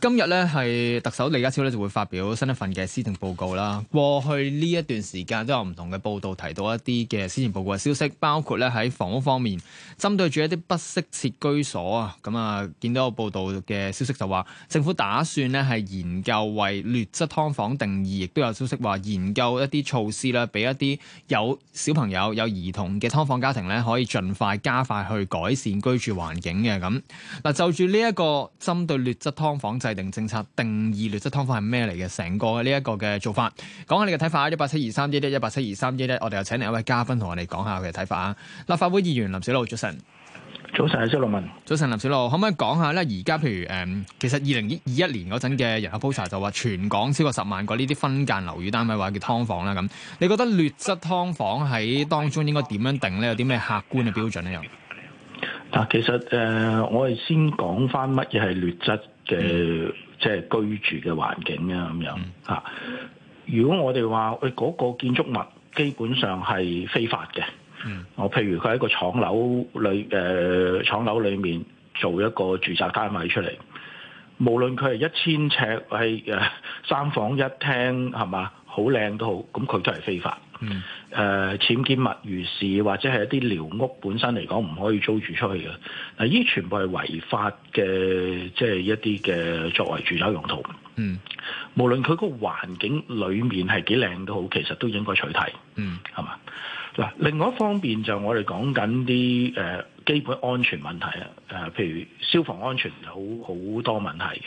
今日咧，係特首李家超咧，就會發表新一份嘅施政報告啦。過去呢一段時間都有唔同嘅報道提到一啲嘅施政報告嘅消息，包括咧，喺房屋方面，針對住一啲不適切居所啊，咁、嗯、啊，見到個報道嘅消息就話，政府打算咧係研究為劣質劏房定義，亦都有消息話研究一啲措施啦，俾一啲有小朋友、有兒童嘅劏房家庭咧可以盡快加快去改善居住環境嘅。咁、嗯、嗱，就住呢一個針對劣質劏房，就係制定政策，定義劣質劏房係咩嚟嘅？成個呢一個嘅做法，講下你嘅睇法，一八七二三一一一八七二三一一，31, 31, 我哋又請另一位嘉賓同我哋講下佢嘅睇法啊！立法會議員林筱魯，早晨。早晨，係朱樂文。早晨，林筱魯，可唔可以講下咧？而家譬如誒、嗯，其實二零二一年嗰陣嘅人口普查就話，全港超過十萬個呢啲分間樓宇單位話叫劏房啦。咁，你覺得劣質劏房喺當中應該點樣定咧？有啲咩客觀嘅標準咧？嗱，其實誒、呃，我哋先講返乜嘢係劣質嘅，即係居住嘅環境啊咁樣嚇。如果我哋話誒嗰個建築物基本上係非法嘅，嗯，我譬如佢喺個廠樓裏誒，廠樓裡面做一個住宅單位出嚟，無論佢係一千尺，係誒三房一廳，係嘛，好靚都好，咁佢都係非法。嗯，誒僭建物如是，或者係一啲寮屋本身嚟講唔可以租住出去嘅，嗱呢全部係違法嘅，即係一啲嘅作為住宅用途。嗯，無論佢個環境裡面係幾靚都好，其實都應該取締。嗯，係嘛？嗱，另外一方面就我哋講緊啲誒基本安全問題啊，誒譬如消防安全有好多問題嘅。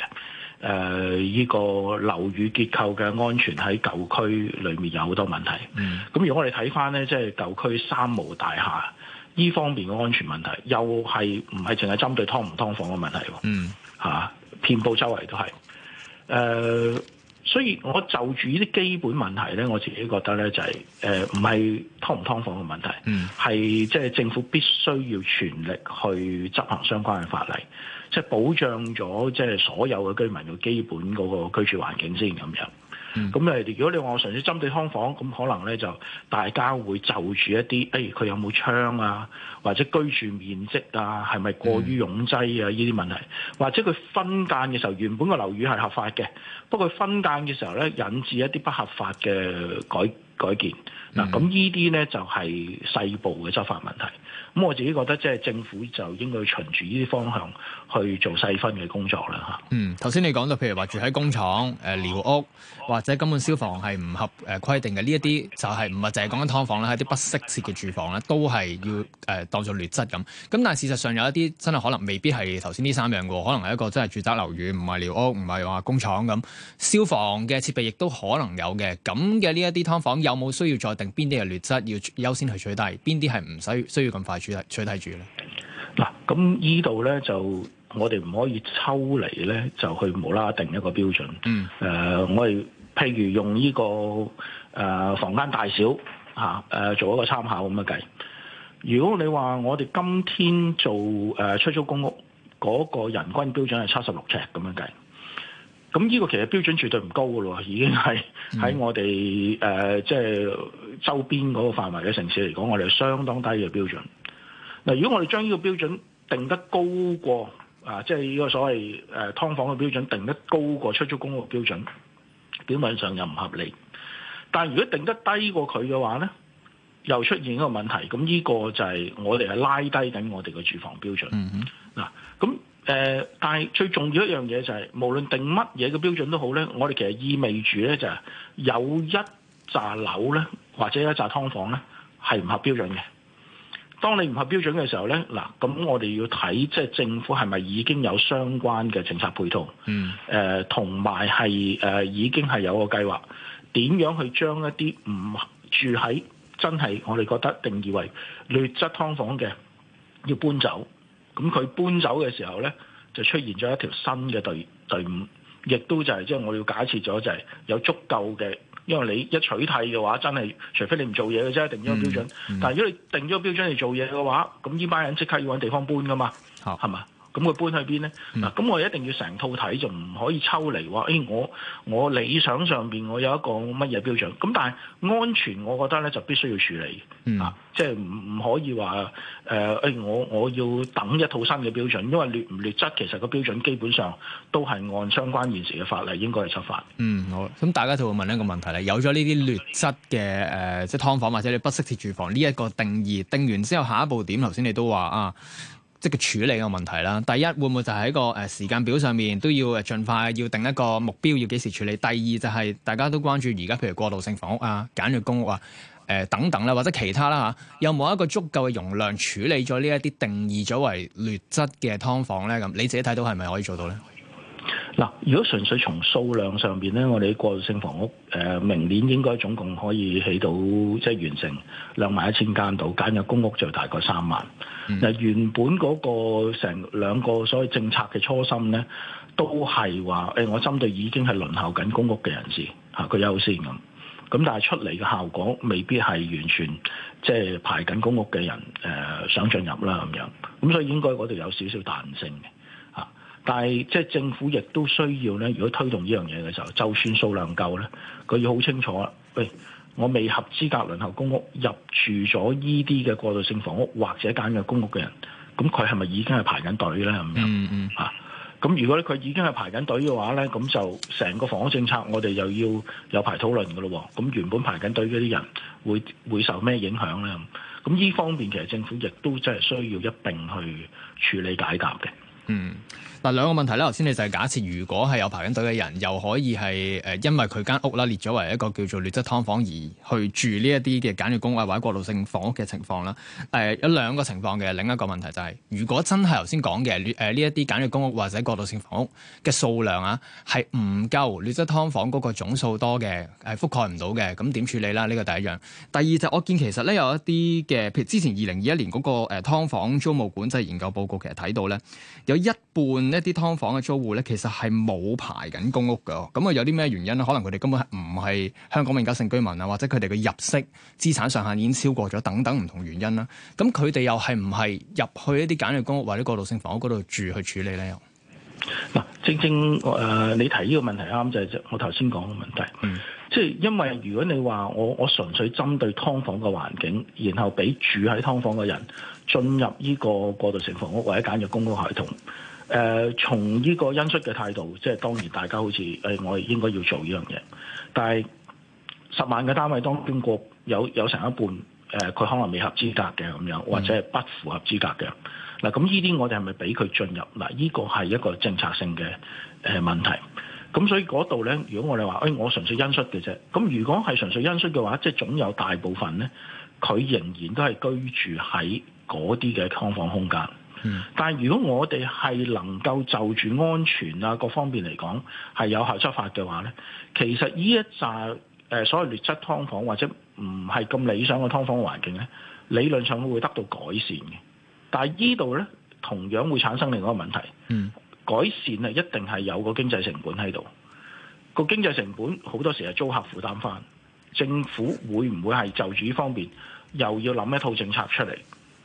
誒依、呃這個樓宇結構嘅安全喺舊區裏面有好多問題。咁、嗯、如果我哋睇返咧，即係舊區三無大廈呢方面嘅安全問題又，又係唔係淨係針對劏唔劏房嘅問題？嗯，嚇、啊，遍布周圍都係。誒、呃，所以我就住呢啲基本問題咧，我自己覺得咧就係誒唔係劏唔劏房嘅問題，係即係政府必須要全力去執行相關嘅法例。即係保障咗即係所有嘅居民嘅基本嗰居住環境先咁樣。咁誒、嗯，如果你話我純粹針對劏房，咁可能咧就大家會就住一啲，誒、哎、佢有冇窗啊，或者居住面積啊，係咪過於擁擠啊？呢啲、嗯、問題，或者佢分間嘅時候，原本個樓宇係合法嘅，不過分間嘅時候咧引致一啲不合法嘅改改建。嗱、嗯，咁呢啲咧就係、是、細部嘅執法問題。咁我自己覺得，即係政府就應該循住呢啲方向去做細分嘅工作啦嚇。嗯，頭先你講到，譬如話住喺工廠、誒、呃、寮屋或者根本消防係唔合誒規定嘅呢一啲，就係唔係淨係講緊劏房啦，係啲不適切嘅住房啦，都係要誒、呃、當做劣質咁。咁但係事實上有一啲真係可能未必係頭先呢三樣嘅，可能係一個真係住宅樓宇，唔係寮屋，唔係話工廠咁，消防嘅設備亦都可能有嘅。咁嘅呢一啲劏房有冇需要再定邊啲係劣質，要優先去取低，邊啲係唔使需要咁快？最低住咧，嗱，咁呢度咧就我哋唔可以抽離咧，就去無啦啦定一個標準。嗯，誒、呃，我哋譬如用呢、這個誒、呃、房間大小吓，誒、啊、做一個參考咁樣計。如果你話我哋今天做誒、呃、出租公屋嗰、那個人均標準係七十六尺咁樣計，咁呢個其實標準絕對唔高噶咯，已經係喺我哋誒即係周邊嗰個範圍嘅城市嚟講，我哋係相當低嘅標準。嗱，如果我哋將呢個標準定得高過啊，即係呢個所謂誒劏房嘅標準定得高過出租公屋標準，表面上又唔合理。但係如果定得低過佢嘅話呢，又出現一個問題，咁呢個就係我哋係拉低緊我哋嘅住房標準。嗱、嗯哼，咁誒、啊呃，但係最重要一樣嘢就係、是，無論定乜嘢嘅標準都好呢，我哋其實意味住呢，就係有一紮樓呢，或者一紮劏房呢，係唔合標準嘅。當你唔合標準嘅時候咧，嗱，咁我哋要睇即係政府係咪已經有相關嘅政策配套，誒同埋係誒已經係有個計劃，點樣去將一啲唔住喺真係我哋覺得定義為劣質劏房嘅要搬走，咁佢搬走嘅時候咧，就出現咗一條新嘅隊隊伍，亦都就係即係我哋要假設咗就係有足夠嘅。因為你一取締嘅話，真係除非你唔做嘢嘅啫，定咗個標準。嗯、但係如果你定咗個標準嚟做嘢嘅話，咁呢班人即刻要搵地方搬噶嘛，係嘛好？咁佢搬去邊咧？嗱、嗯，咁我一定要成套睇，就唔可以抽離話，誒、哎、我我理想上邊我有一個乜嘢標準？咁但係安全，我覺得咧就必須要處理，嗯、啊，即係唔唔可以話誒，誒、呃、我我要等一套新嘅標準，因為劣唔劣質其實個標準基本上都係按相關現時嘅法例應該係執法。嗯，好。咁大家就會問一個問題咧，有咗呢啲劣質嘅誒、呃，即係劏房或者你不適切住房呢一個定義定完之後，下一步點？頭先你都話啊。即係個處理嘅問題啦。第一會唔會就喺個誒時間表上面都要誒盡快要定一個目標，要幾時處理？第二就係、是、大家都關注而家譬如過渡性房屋啊、簡略公屋啊、誒、呃、等等啦、啊，或者其他啦嚇、啊，有冇一個足夠嘅容量處理咗呢一啲定義咗為劣質嘅劏房咧？咁你自己睇到係咪可以做到咧？嗱，如果純粹從數量上邊咧，我哋過渡性房屋誒、呃、明年應該總共可以起到即係完成兩萬一千間度，加上公屋就大概三萬。嗱、嗯，原本嗰個成兩個所謂政策嘅初心咧，都係話誒，我針對已經係輪候緊公屋嘅人士嚇佢優先咁。咁但係出嚟嘅效果未必係完全即係排緊公屋嘅人誒、呃、想進入啦咁樣。咁所以應該嗰度有少少彈性嘅。但係，即係政府亦都需要咧。如果推動呢樣嘢嘅時候，就算數量夠咧，佢要好清楚啊。喂、欸，我未合資格輪候公屋入住咗依啲嘅過渡性房屋或者間嘅公屋嘅人，咁佢係咪已經係排緊隊咧？咁樣、嗯嗯、啊？咁如果咧佢已經係排緊隊嘅話咧，咁就成個房屋政策我哋又要有排討論嘅咯。咁原本排緊隊嗰啲人會會受咩影響咧？咁呢方面其實政府亦都真係需要一併去處理解答嘅。嗯。嗱，兩個問題咧，頭先你就係假設如果係有排緊隊嘅人，又可以係誒、呃，因為佢間屋啦列咗為一個叫做劣質劏房而去住呢一啲嘅簡約公屋或者過渡性房屋嘅情況啦。誒、呃、有兩個情況嘅，另一個問題就係、是、如果真係頭先講嘅誒呢一啲簡約公屋或者過渡性房屋嘅數量啊，係唔夠劣質劏房嗰個總數多嘅，係、呃、覆蓋唔到嘅，咁點處理啦？呢、這個第一樣。第二就我見其實咧有一啲嘅，譬如之前二零二一年嗰個誒劏房租務管制研究報告其實睇到咧，有一半。一啲劏房嘅租戶咧，其實係冇排緊公屋嘅，咁啊有啲咩原因咧？可能佢哋根本係唔係香港永久性居民啊，或者佢哋嘅入息、資產上限已經超過咗，等等唔同原因啦。咁佢哋又係唔係入去一啲簡約公屋或者過渡性房屋嗰度住去處理咧？嗱，正正誒、呃，你提呢個問題啱就係我頭先講嘅問題，即係、嗯、因為如果你話我我純粹針對劏房嘅環境，然後俾住喺劏房嘅人進入呢個過渡性房屋或者簡約公屋系統。誒、呃，從呢個恩恤嘅態度，即係當然大家好似誒、呃，我係應該要做呢樣嘢。但係十萬嘅單位當中，個有有成一半誒，佢、呃、可能未合資格嘅咁樣，或者係不符合資格嘅。嗱，咁呢啲我哋係咪俾佢進入？嗱、呃，呢個係一個政策性嘅誒、呃、問題。咁所以嗰度咧，如果我哋話誒，我純粹恩恤嘅啫。咁如果係純粹恩恤嘅話，即係總有大部分咧，佢仍然都係居住喺嗰啲嘅劏房空間。但係如果我哋係能夠就住安全啊、各方面嚟講係有效執法嘅話呢，其實呢一扎、呃、所謂劣質劏房或者唔係咁理想嘅劏房嘅環境呢，理論上會得到改善嘅。但係呢度呢同樣會產生另外一個問題，改善啊一定係有個經濟成本喺度，個經濟成本好多時係租客負擔翻，政府會唔會係就住呢方面又要諗一套政策出嚟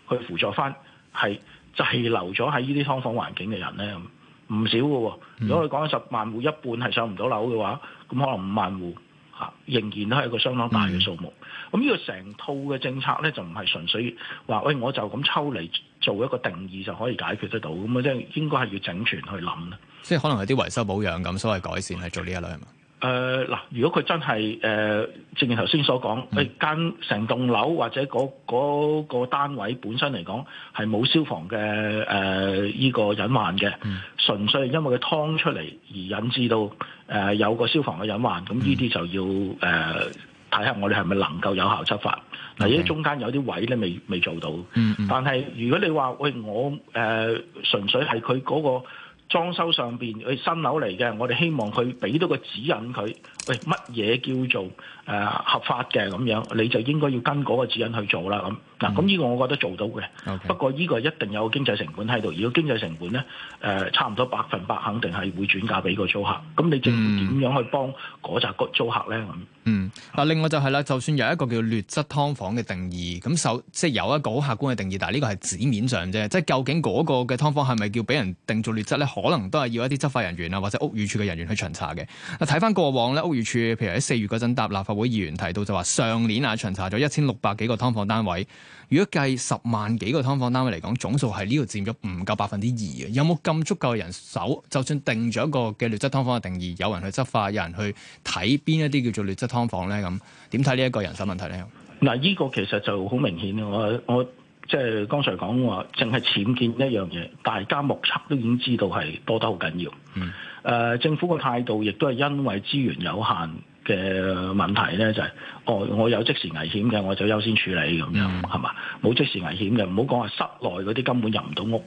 去輔助翻係？滯留咗喺呢啲劏房環境嘅人呢，唔少嘅。如果我講十萬戶一半係上唔到樓嘅話，咁可能五萬戶嚇，仍然都係一個相當大嘅數目。咁呢、嗯、哼個成套嘅政策呢，就唔係純粹話喂、哎、我就咁抽嚟做一個定義就可以解決得到咁啊！即係應該係要整全去諗。即係可能係啲維修保養咁，所謂改善係做呢一類係嘛？誒嗱、呃，如果佢真係誒、呃，正如頭先所講，你間成棟樓或者嗰嗰、嗰個單位本身嚟講係冇消防嘅誒呢個隱患嘅，純、嗯、粹係因為佢劏出嚟而引致到誒、呃、有個消防嘅隱患，咁呢啲就要誒睇下我哋係咪能夠有效執法。嗱 Okay.，依啲中間有啲位咧未未做到，嗯嗯嗯、但係如果你話喂、呃、我誒，純粹係佢嗰個。裝修上邊佢新樓嚟嘅，我哋希望佢俾到個指引佢，喂，乜嘢叫做誒、呃、合法嘅咁樣，你就應該要跟嗰個指引去做啦咁。嗱，咁呢個我覺得做到嘅。嗯、不過呢個一定有經濟成本喺度，如果經濟成本咧誒、呃，差唔多百分百肯定係會轉嫁俾個租客。咁你政府點樣去幫嗰扎個租客咧咁？嗯嗯，嗱，另外就係啦，就算有一個叫劣質劏房嘅定義，咁手即係有一個好客觀嘅定義，但係呢個係紙面上啫，即係究竟嗰個嘅劏房係咪叫俾人定做劣質呢，可能都係要一啲執法人員啊，或者屋宇署嘅人員去巡查嘅。睇翻過往咧，屋宇署譬如喺四月嗰陣答立法會議員提到就話，上年啊巡查咗一千六百幾個劏房單位，如果計十萬幾個劏房單位嚟講，總數係呢度佔咗唔夠百分之二嘅，有冇咁足夠嘅人手？就算定咗一個嘅劣質劏房嘅定義，有人去執法，有人去睇邊一啲叫做劣質房咧，咁，點睇呢一個人手問題咧？嗱，呢個其實就好明顯。我我即係剛才講話，淨係僭建一樣嘢，大家目測都已經知道係多得好緊要。嗯。誒、呃，政府嘅態度亦都係因為資源有限嘅問題咧，就係、是、我、哦、我有即時危險嘅，我就優先處理咁樣，係嘛、嗯？冇即時危險嘅，唔好講話室內嗰啲根本入唔到屋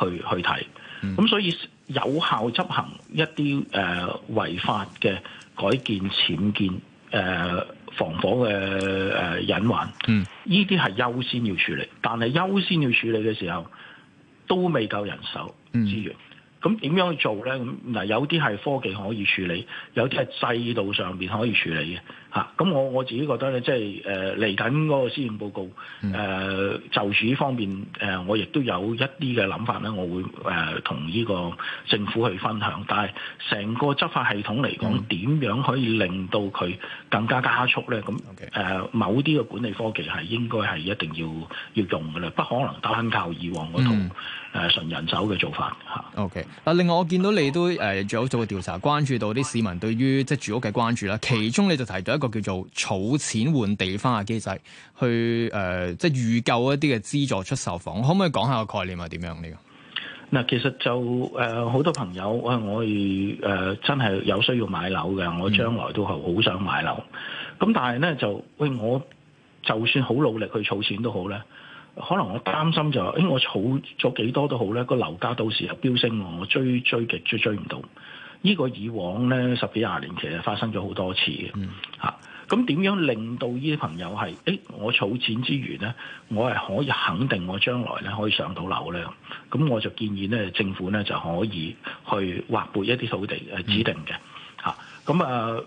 去去睇。咁、嗯、所以有效執行一啲誒違法嘅改建僭建。誒、呃、防火嘅誒、呃、隱患，嗯，呢啲係優先要處理，但係優先要處理嘅時候都未夠人手資源。 咁點樣去做咧？咁嗱，有啲係科技可以處理，有啲係制度上邊可以處理嘅嚇。咁、啊、我我自己覺得咧，即係誒嚟緊嗰個施政報告誒、呃、就住呢方面誒、呃，我亦都有一啲嘅諗法咧，我會誒、呃、同呢個政府去分享。但係成個執法系統嚟講，點、嗯、樣可以令到佢更加加速咧？咁、嗯、誒 Okay.、呃，某啲嘅管理科技係應該係一定要要用嘅啦，不可能單靠以往嗰套誒純人手嘅做法嚇。嗯嗱，另外我見到你都誒，呃、最好做咗做個調查，關注到啲市民對於即係住屋嘅關注啦。其中你就提到一個叫做儲錢換地方嘅機制，去誒、呃、即係預購一啲嘅資助出售房，可唔可以講下個概念係點樣呢？嗱，其實就誒好、呃、多朋友，我我係真係有需要買樓嘅，我將來都係好想買樓。咁、嗯、但係咧就，喂，我就算好努力去儲錢都好咧。可能我擔心就係、是，誒、欸、我儲咗幾多都好咧，個樓價到時候飆升，我追追極追追唔到。呢、這個以往咧十幾廿年其實發生咗好多次嘅嚇。咁點、嗯啊、樣令到呢啲朋友係，誒、欸、我儲錢之餘咧，我係可以肯定我將來咧可以上到樓咧？咁我就建議咧，政府咧就可以去劃撥一啲土地誒、呃、指定嘅嚇。咁啊～、嗯啊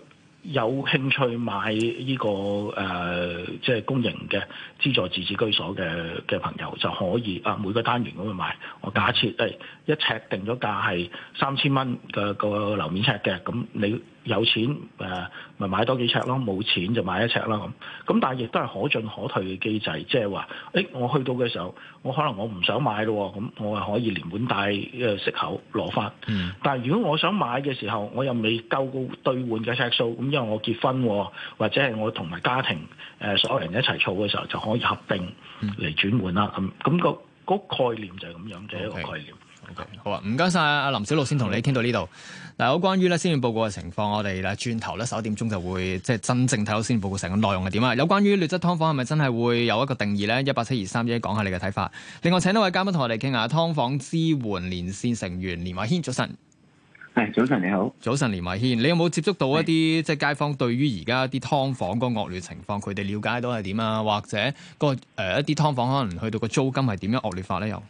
有興趣買呢、這個誒，即、呃、係、就是、公營嘅資助自治居所嘅嘅朋友就可以啊，每個單元咁去買。我假設誒、哎、一呎定咗價係三千蚊嘅、那個樓面呎嘅，咁你有錢誒？呃咪買多幾尺咯，冇錢就買一尺啦咁。咁但係亦都係可進可退嘅機制，即係話，誒、欸、我去到嘅時候，我可能我唔想買咯，咁我係可以連本帶嘅息口攞翻。但係如果我想買嘅時候，我又未夠個兌換嘅尺數，咁因為我結婚或者係我同埋家庭誒所有人一齊儲嘅時候，就可以合併嚟轉換啦。咁咁、嗯嗰個嗰個概念就係咁樣，就係 Okay. 一個概念。Okay, 好啊，唔該晒阿林筱魯先，先同你傾到呢度。嗱，有關於咧施政報告嘅情況，我哋咧轉頭咧十一點鐘就會即係真正睇到施政報告成個內容係點啊。有關於劣質劏房係咪真係會有一個定義咧？1, 一八七二三一，講下你嘅睇法。另外，請呢位嘉賓同我哋傾下劏房支援連線成員連瑋軒早晨。係早晨，你好。早晨，連瑋軒，你，你有冇接觸到一啲是即係街坊對於而家啲劏房嗰惡劣情況，佢哋了解到係點啊？或者、那個誒、呃、一啲劏房可能去到個租金係點樣惡劣，劣化？咧？又？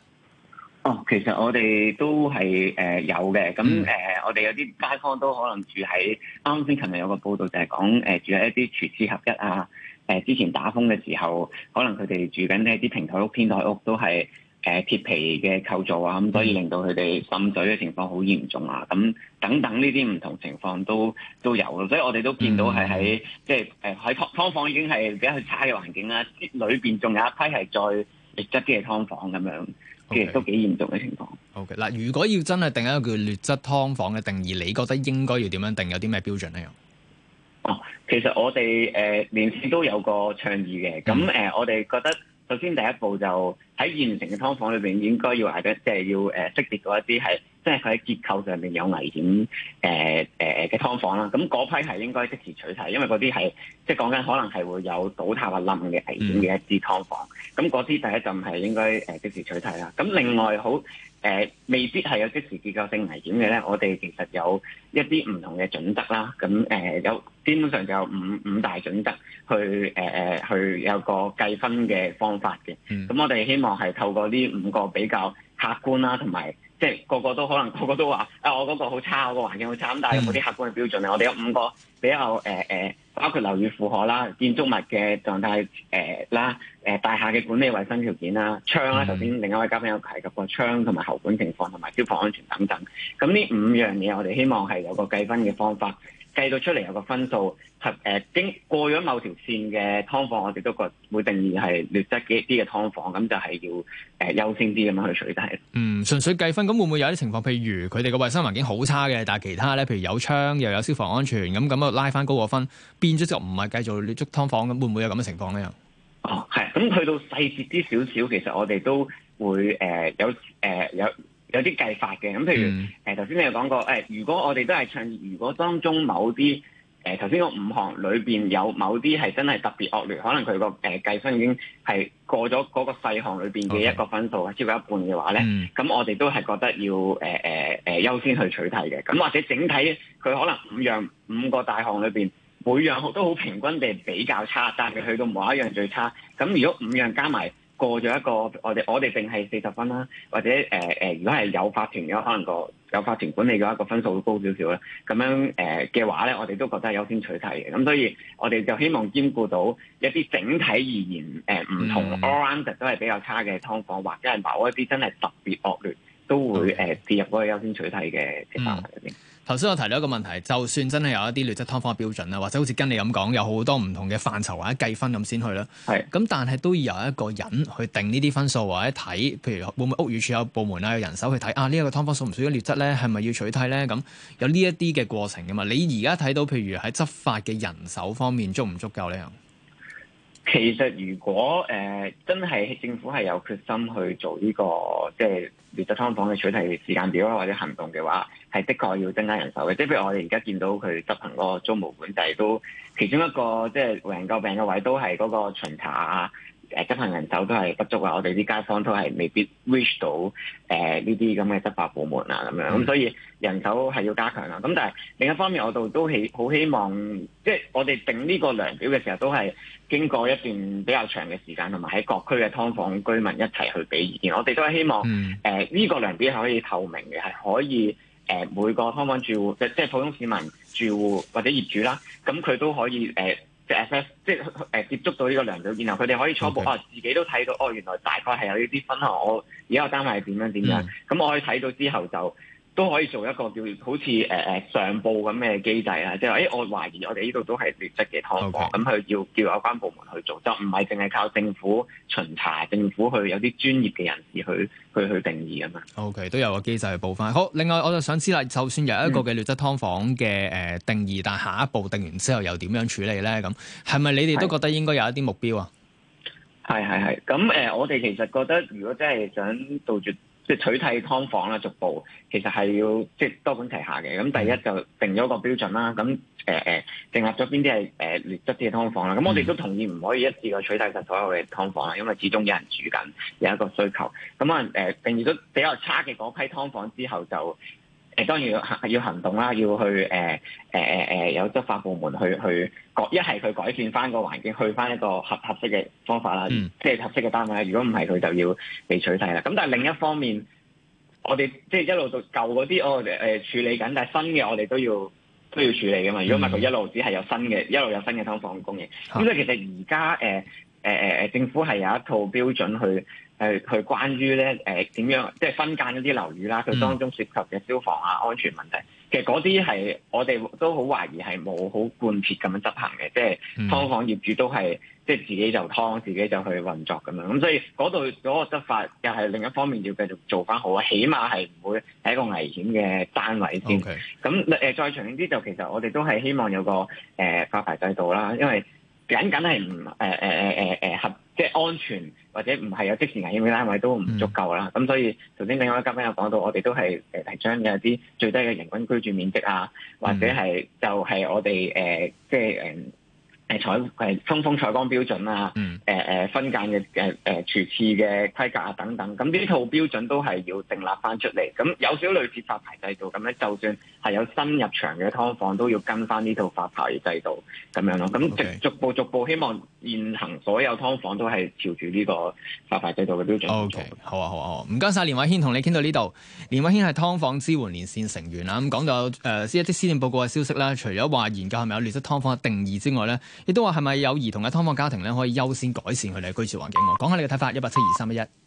哦，其實我哋都係誒、呃、有嘅，咁誒、呃、我哋有啲街坊都可能住喺啱先，琴日、嗯、有個報道就係講誒住喺一啲廚廁合一啊，誒、呃、之前打風嘅時候，可能佢哋住緊一啲平台屋、天台屋都係誒、呃、鐵皮嘅構造啊，咁所以令到佢哋浸水嘅情況好嚴重啊，咁等等呢啲唔同情況都都有，所以我哋都見到係喺、嗯、即係誒喺劏房已經係比較差嘅環境啦、啊，啲裏邊仲有一批係再劣質啲嘅劏房咁樣。Okay. 其實都幾嚴重嘅情況。OK，嗱，如果要真係定一個叫劣質劏房嘅定義，你覺得應該要點樣定？有啲咩標準呢？哦，其實我哋誒、呃、連線都有個倡議嘅。咁誒、呃嗯呃，我哋覺得首先第一步就，喺現成嘅劏房裏邊，應該要係嘅，即係要誒、呃、識別嗰一啲係，即係佢喺結構上面有危險誒誒嘅劏房啦。咁嗰批係應該即時取締，因為嗰啲係即係講緊可能係會有倒塌或冧嘅危險嘅一支劏房。咁嗰啲第一陣係應該誒、呃、即時取締啦。咁另外好誒、呃、未必係有即時結構性危險嘅咧，我哋其實有一啲唔同嘅準則啦。咁誒、呃、有基本上就有五五大準則去誒誒、呃、去有個計分嘅方法嘅。咁我哋希望。我、啊、係透過呢五個比較客觀啦，同埋即係個個都可能個個都話：“啊，我嗰個好差，我個環境好差。”咁但係有冇啲客觀嘅標準咧？我哋有五個比較誒誒。呃呃包括樓宇負荷啦、建築物嘅狀態誒啦、誒大廈嘅管理衞生條件啦、窗啦，頭先另一位嘉賓有提及過窗同埋喉管情況同埋消防安全等等。咁呢五樣嘢，我哋希望係有個計分嘅方法計到出嚟有個分數，及誒經過咗某條線嘅劏房，我哋都覺會定義係劣質一啲嘅劏房，咁就係要誒優、呃、先啲咁樣去取締。嗯，純粹計分咁會唔會有啲情況？譬如佢哋嘅衞生環境好差嘅，但係其他咧，譬如有窗又有消防安全，咁咁啊拉翻高個分？變咗就唔係繼續你捉劏房咁，會唔會有咁嘅情況咧？又哦，係咁去到細節啲少少，其實我哋都會誒、呃呃呃、有誒有有啲計法嘅。咁譬如誒頭先你又講過誒、呃，如果我哋都係趁，如果當中某啲誒頭先嗰五項裏邊有某啲係真係特別惡劣，可能佢個誒計分已經係過咗嗰個細項裏邊嘅一個分數，Okay. 超過一半嘅話咧，咁、嗯、我哋都係覺得要誒誒誒優先去取締嘅。咁或者整體佢可能五樣五個大項裏邊。每樣都好平均地比較差，但係去到某一樣最差。咁如果五樣加埋過咗一個，我哋我哋定係四十分啦，或者誒誒、呃，如果係有法團嘅可能個有法團管理嘅一個分數會高少少咧。咁樣誒嘅、呃、話咧，我哋都覺得係優先取締嘅。咁所以我哋就希望兼顧到一啲整體而言誒唔、呃、同 round 都係比較差嘅劏房，或者係某一啲真係特別惡劣都會誒列、mm hmm. 呃、入嗰個優先取締嘅範圍入邊。Mm hmm. 頭先我提到一個問題，就算真係有一啲劣質劏房嘅標準啦，或者好似跟你咁講，有好多唔同嘅範疇或者計分咁先去啦。係是，咁但係都要有一個人去定呢啲分數或者睇，譬如會唔會屋宇署有部門啊，有人手去睇啊呢一、這個劏房屬唔屬於劣質呢？係咪要取締呢？咁有呢一啲嘅過程噶嘛？你而家睇到譬如喺執法嘅人手方面足唔足夠呢？其實，如果誒、呃、真係政府係有決心去做呢、這個即係劣質劏房嘅取締時間表啊，或者行動嘅話，係的確要增加人手嘅。即係譬如我哋而家見到佢執行嗰個租務管制，都其中一個即係為人詬病嘅位，都係嗰個巡查啊。誒執行人手都係不足啊！我哋啲街坊都係未必 reach 到誒呢啲咁嘅執法部門啊咁樣，咁、嗯嗯、所以人手係要加強啦。咁但係另一方面，我哋都希好希望，即、就、係、是、我哋定呢個量表嘅時候，都係經過一段比較長嘅時間，同埋喺各區嘅劏房居民一齊去俾意見。我哋都係希望誒呢、嗯呃這個量表係可以透明嘅，係可以誒、呃、每個劏房住戶即係普通市民住戶或者業主啦，咁佢都可以誒。呃即係 Access 即係，誒接觸到呢個量度，然後佢哋可以初步的哦，自己都睇到哦，原來大概係有呢啲分量。我而家個單位係點樣？點樣咁、嗯嗯、我可以睇到之後就。都可以做一個叫好似誒誒上報咁嘅機制啊。即係誒我懷疑我哋呢度都係劣質嘅劏房，咁佢 Okay. 要叫有關部門去做，就唔係淨係靠政府巡查、政府去有啲專業嘅人士去去去定義啊嘛。Okay，都有個機制去報翻。好，另外我就想知啦，就算有一個嘅劣質劏房嘅誒定義，但下一步定完之後又點樣處理咧？咁係咪你哋都覺得應該有一啲目標啊？係係係。咁誒，我哋其實覺得如果真係想杜絕。即係取締劏房啦，逐步其實係要即係多管齊下嘅，咁第一就定咗個標準啦。咁誒誒，定立咗邊啲係誒劣質啲嘅劏房啦。咁我哋都同意唔可以一次過取締曬所有嘅劏房啦，因為始終有人住緊，有一個需求。咁啊誒，定義咗比較差嘅嗰批劏房之後就誒當然要行要行動啦，要去誒誒誒誒有執法部門去去改一係去改善翻個環境，去翻一個合合適嘅方法啦，嗯、即係合適嘅單位，如果唔係，佢就要被取締啦。咁但係另一方面，我哋即係一路到舊嗰啲我誒處理緊，但係新嘅我哋都要都要處理噶嘛。如果唔係，佢一路只係有新嘅，一路有新嘅劏房供應。咁、嗯、所以其實而家誒誒誒政府係有一套標準去。係佢關於咧誒點樣，即係分間一啲樓宇啦，佢當中涉及嘅消防啊、安全問題，其實嗰啲係我哋都好懷疑係冇好貫徹咁樣執行嘅，即係劏房業主都係即係自己就劏，自己就去運作咁樣，咁所以嗰度嗰個執法又係另一方面要繼續做返好啊，起碼係唔會係一個危險嘅單位先。咁誒 Okay.、呃、再長遠啲就其實我哋都係希望有個誒、呃、發牌制度啦，因為僅僅係唔誒誒誒誒誒合。即係安全或者唔係有即時危險啦，嘅單位都唔足夠啦。咁、嗯、所以，頭先另外一位嘉賓有講到我，我哋都係誒提倡有啲最低嘅人均居住面積啊，或者係就係、是、我哋誒、呃、即係誒誒採誒通風採光標準啊。嗯誒誒、呃、分間嘅誒誒廚廁嘅規格啊等等，咁呢套標準都係要訂立翻出嚟。咁有少類似發牌制度咁咧，就算係有新入場嘅劏房都要跟翻呢套發牌制度咁樣咯。咁 Okay. 逐步逐步希望現行所有劏房都係朝住呢個發牌制度嘅標準。O K，好啊好啊，好唔該晒，連瑋軒，同你傾到呢度。連瑋軒係劏房支援連線成員啦。咁、嗯、講到誒一啲施政報告嘅消息啦，除咗話研究係咪有劣質劏房嘅定義之外咧，亦都話係咪有兒童嘅劏房家庭咧可以優先。改善佢哋嘅居住環境。我講下你嘅睇法，一八七二三一一。